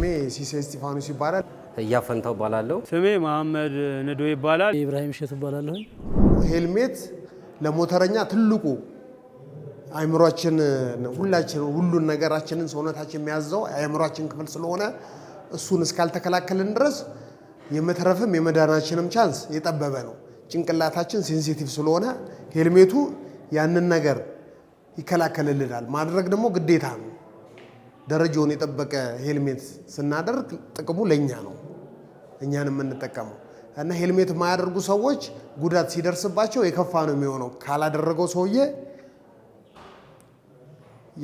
ስሜ ሲሴ እስጢፋኖስ ይባላል። እያፈንታው እባላለሁ። ስሜ መሐመድ ንዶ ይባላል። ኢብራሂም ሸት እባላለሁ። ሄልሜት ለሞተረኛ ትልቁ አእምሯችን ሁላችን ሁሉን ነገራችንን ሰውነታችን የሚያዘው አእምሯችን ክፍል ስለሆነ እሱን እስካልተከላከልን ድረስ የመትረፍም የመዳናችንም ቻንስ የጠበበ ነው። ጭንቅላታችን ሴንሲቲቭ ስለሆነ ሄልሜቱ ያንን ነገር ይከላከልልናል። ማድረግ ደግሞ ግዴታ ነው። ደረጃውን የጠበቀ ሄልሜት ስናደርግ ጥቅሙ ለእኛ ነው፣ እኛን የምንጠቀመው እና ሄልሜት የማያደርጉ ሰዎች ጉዳት ሲደርስባቸው የከፋ ነው የሚሆነው። ካላደረገው ሰውዬ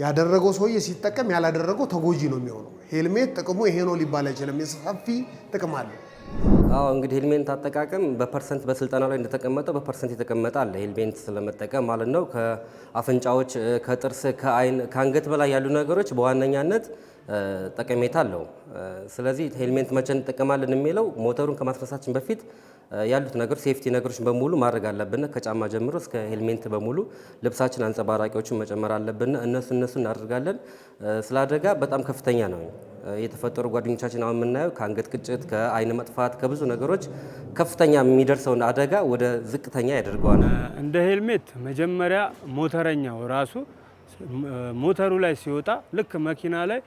ያደረገው ሰውዬ ሲጠቀም ያላደረገው ተጎጂ ነው የሚሆነው። ሄልሜት ጥቅሙ ይሄ ነው ሊባል አይችልም። ሰፊ ጥቅም አለው። አዎ እንግዲህ ሄልሜንት አጠቃቀም በፐርሰንት በስልጠና ላይ እንደተቀመጠው በፐርሰንት የተቀመጠ አለ። ሄልሜንት ስለመጠቀም ማለት ነው። ከአፍንጫዎች፣ ከጥርስ፣ ከአይን፣ ከአንገት በላይ ያሉ ነገሮች በዋነኛነት ጠቀሜታ አለው። ስለዚህ ሄልሜንት መቼ እንጠቀማለን የሚለው ሞተሩን ከማስነሳችን በፊት ያሉት ነገር ሴፍቲ ነገሮች በሙሉ ማድረግ አለብን። ከጫማ ጀምሮ እስከ ሄልሜንት በሙሉ ልብሳችን፣ አንጸባራቂዎችን መጨመር አለብን። እነሱ እነሱ እናደርጋለን። ስለ አደጋ በጣም ከፍተኛ ነው። የተፈጠሩ ጓደኞቻችን አሁን የምናየው ከአንገት ቅጭት፣ ከአይን መጥፋት፣ ከብዙ ነገሮች ከፍተኛ የሚደርሰውን አደጋ ወደ ዝቅተኛ ያደርገዋል። እንደ ሄልሜት መጀመሪያ ሞተረኛው ራሱ ሞተሩ ላይ ሲወጣ ልክ መኪና ላይ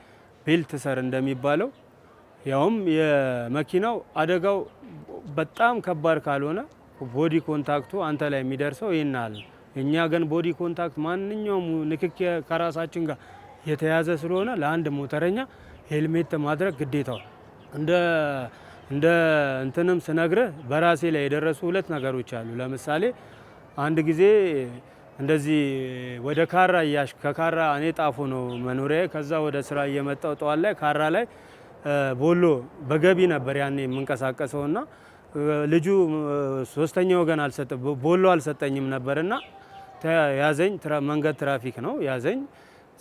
ቤልት ሰር እንደሚባለው ያውም የመኪናው አደጋው በጣም ከባድ ካልሆነ ቦዲ ኮንታክቱ አንተ ላይ የሚደርሰው ይናል። አለ። እኛ ግን ቦዲ ኮንታክት ማንኛውም ንክኪ ከራሳችን ጋር የተያዘ ስለሆነ ለአንድ ሞተረኛ ሄልሜት ማድረግ ግዴታው እንደ እንደ እንትንም ስነግርህ በራሴ ላይ የደረሱ ሁለት ነገሮች አሉ። ለምሳሌ አንድ ጊዜ እንደዚህ ወደ ካራ እያሽ ከካራ እኔ ጣፎ ነው መኖሪያ፣ ከዛ ወደ ስራ እየመጣው ጠዋት ላይ ካራ ላይ ቦሎ በገቢ ነበር ያኔ የምንቀሳቀሰው እና ልጁ ሶስተኛ ወገን አልሰጠ ቦሎ አልሰጠኝም ነበርና ያዘኝ። መንገድ ትራፊክ ነው ያዘኝ።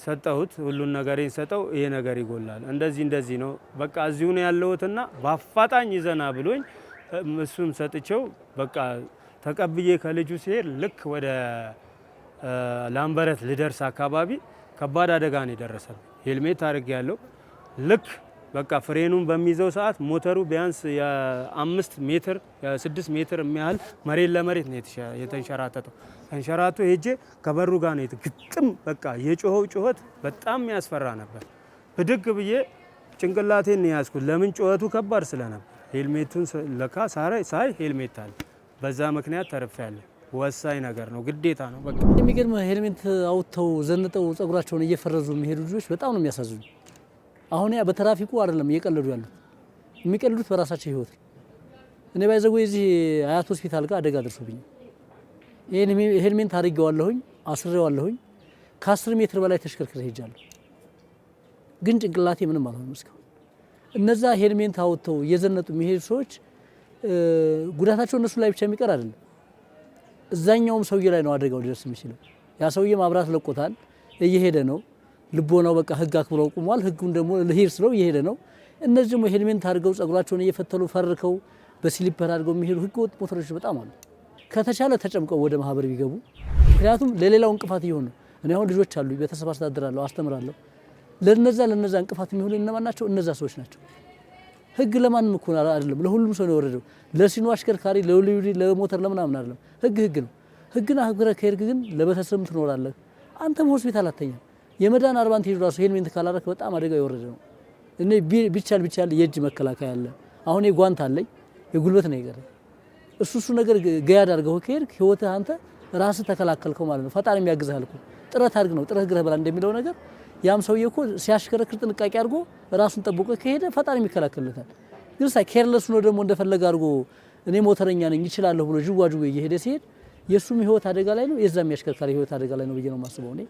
ሰጠሁት ሁሉን ነገሬን ሰጠው። ይሄ ነገር ይጎላል፣ እንደዚህ እንደዚህ ነው፣ በቃ እዚሁ ነው ያለሁትና በአፋጣኝ ይዘና ብሎኝ እሱም ሰጥቼው በቃ ተቀብዬ ከልጁ ሲሄድ ልክ ወደ ላምበረት ልደርስ አካባቢ ከባድ አደጋ ነው የደረሰብኝ። ሄልሜት አድርጌ ያለው ልክ በቃ ፍሬኑን በሚይዘው ሰዓት ሞተሩ ቢያንስ የአምስት ሜትር የስድስት ሜትር የሚያህል መሬት ለመሬት ነው የተንሸራተተው። ተንሸራቶ ሄጄ ከበሩ ጋር ነው ግጥም። በቃ የጮኸው ጩኸት በጣም ያስፈራ ነበር። ብድግ ብዬ ጭንቅላቴን ነው ያዝኩት። ለምን ጩኸቱ ከባድ ስለነበር። ሄልሜቱን ለካ ሳይ ሄልሜት አለ። በዛ ምክንያት ተርፌያለሁ። ወሳኝ ነገር ነው፣ ግዴታ ነው። በቃ የሚገርም ሄልሜት አውጥተው ዘንጠው ጸጉራቸውን እየፈረዙ የሚሄዱ ልጆች በጣም ነው የሚያሳዝኑ። አሁን ያ በትራፊኩ አይደለም እየቀለዱ ያሉት የሚቀልዱት በራሳቸው ህይወት ነው። እኔ ባይዘጉ የዚህ አያት ሆስፒታል ጋር አደጋ ደርሶብኝ ይሄን ሜን ታርጌዋለሁኝ፣ አስሬዋለሁኝ። ከአስር ሜትር በላይ ተሽከርክሬ ሄጃለሁ፣ ግን ጭንቅላቴ ምንም አልሆነም እስካሁን። እነዛ ሄልሜንት አውጥተው እየዘነጡ የሚሄዱ ሰዎች ጉዳታቸው እነሱ ላይ ብቻ የሚቀር አይደለም፣ እዛኛውም ሰውዬ ላይ ነው አደጋው ሊደርስ የሚችለው። ያ ሰውዬ ማብራት ለቆታል፣ እየሄደ ነው ልቦናው በቃ ህግ አክብሮ ቁሟል። ህጉን ደግሞ ልሄድ ስለው እየሄደ ነው። እነዚህ ደግሞ ሄልሜንት አድርገው ጸጉራቸውን እየፈተሉ ፈርከው በስሊፐር አድርገው የሚሄዱ ህገ ወጥ ሞተሮች በጣም አሉ። ከተቻለ ተጨምቀው ወደ ማህበር ቢገቡ፣ ምክንያቱም ለሌላው እንቅፋት ነው። እኔ አሁን ልጆች አሉ፣ ቤተሰብ አስተዳድራለሁ፣ አስተምራለሁ። ለነዛ ለነዛ እንቅፋት የሚሆኑ እነማን ናቸው? እነዛ ሰዎች ናቸው። ህግ ለማንም እኮ አይደለም፣ ለሁሉም ሰው ነው የወረደው። ለሲኖ አሽከርካሪ፣ ለሞተር፣ ለምናምን አይደለም። ህግ ህግ ነው። ህግን አክብረህ ከሄድክ ግን ለቤተሰብም ትኖራለህ። አንተም ሆስፒታል አተኛም የመዳን አድቫንቴጅ ራሱ ሄልሜንት ካላረክ በጣም አደጋ የወረደ ነው። እኔ ቢቻል ቢቻል የእጅ መከላከያ አለ። አሁን የጓንት አለኝ የጉልበት ነው የቀረ እሱ እሱ ነገር ገያድ አድርገው ከሄድክ ህይወትህ አንተ ራስህ ተከላከልከው ማለት ነው። ፈጣን የሚያግዝህ አልኩ። ጥረት አድርግ ነው ጥረት ግረህ በላ እንደሚለው ነገር ያም ሰውዬ እኮ ሲያሽከረክር ጥንቃቄ አድርጎ ራሱን ጠብቆ ከሄደ ፈጣን የሚከላከልለታል። ግን ሳይ ኬርለስ ነው ደግሞ እንደፈለገ አድርጎ እኔ ሞተረኛ ነኝ ይችላለሁ ብሎ ጅዋጅዌ እየሄደ ሲሄድ የእሱም ህይወት አደጋ ላይ ነው፣ የዛም የሚያሽከርካሪ ህይወት አደጋ ላይ ነው ብዬ ነው የማስበው እኔ።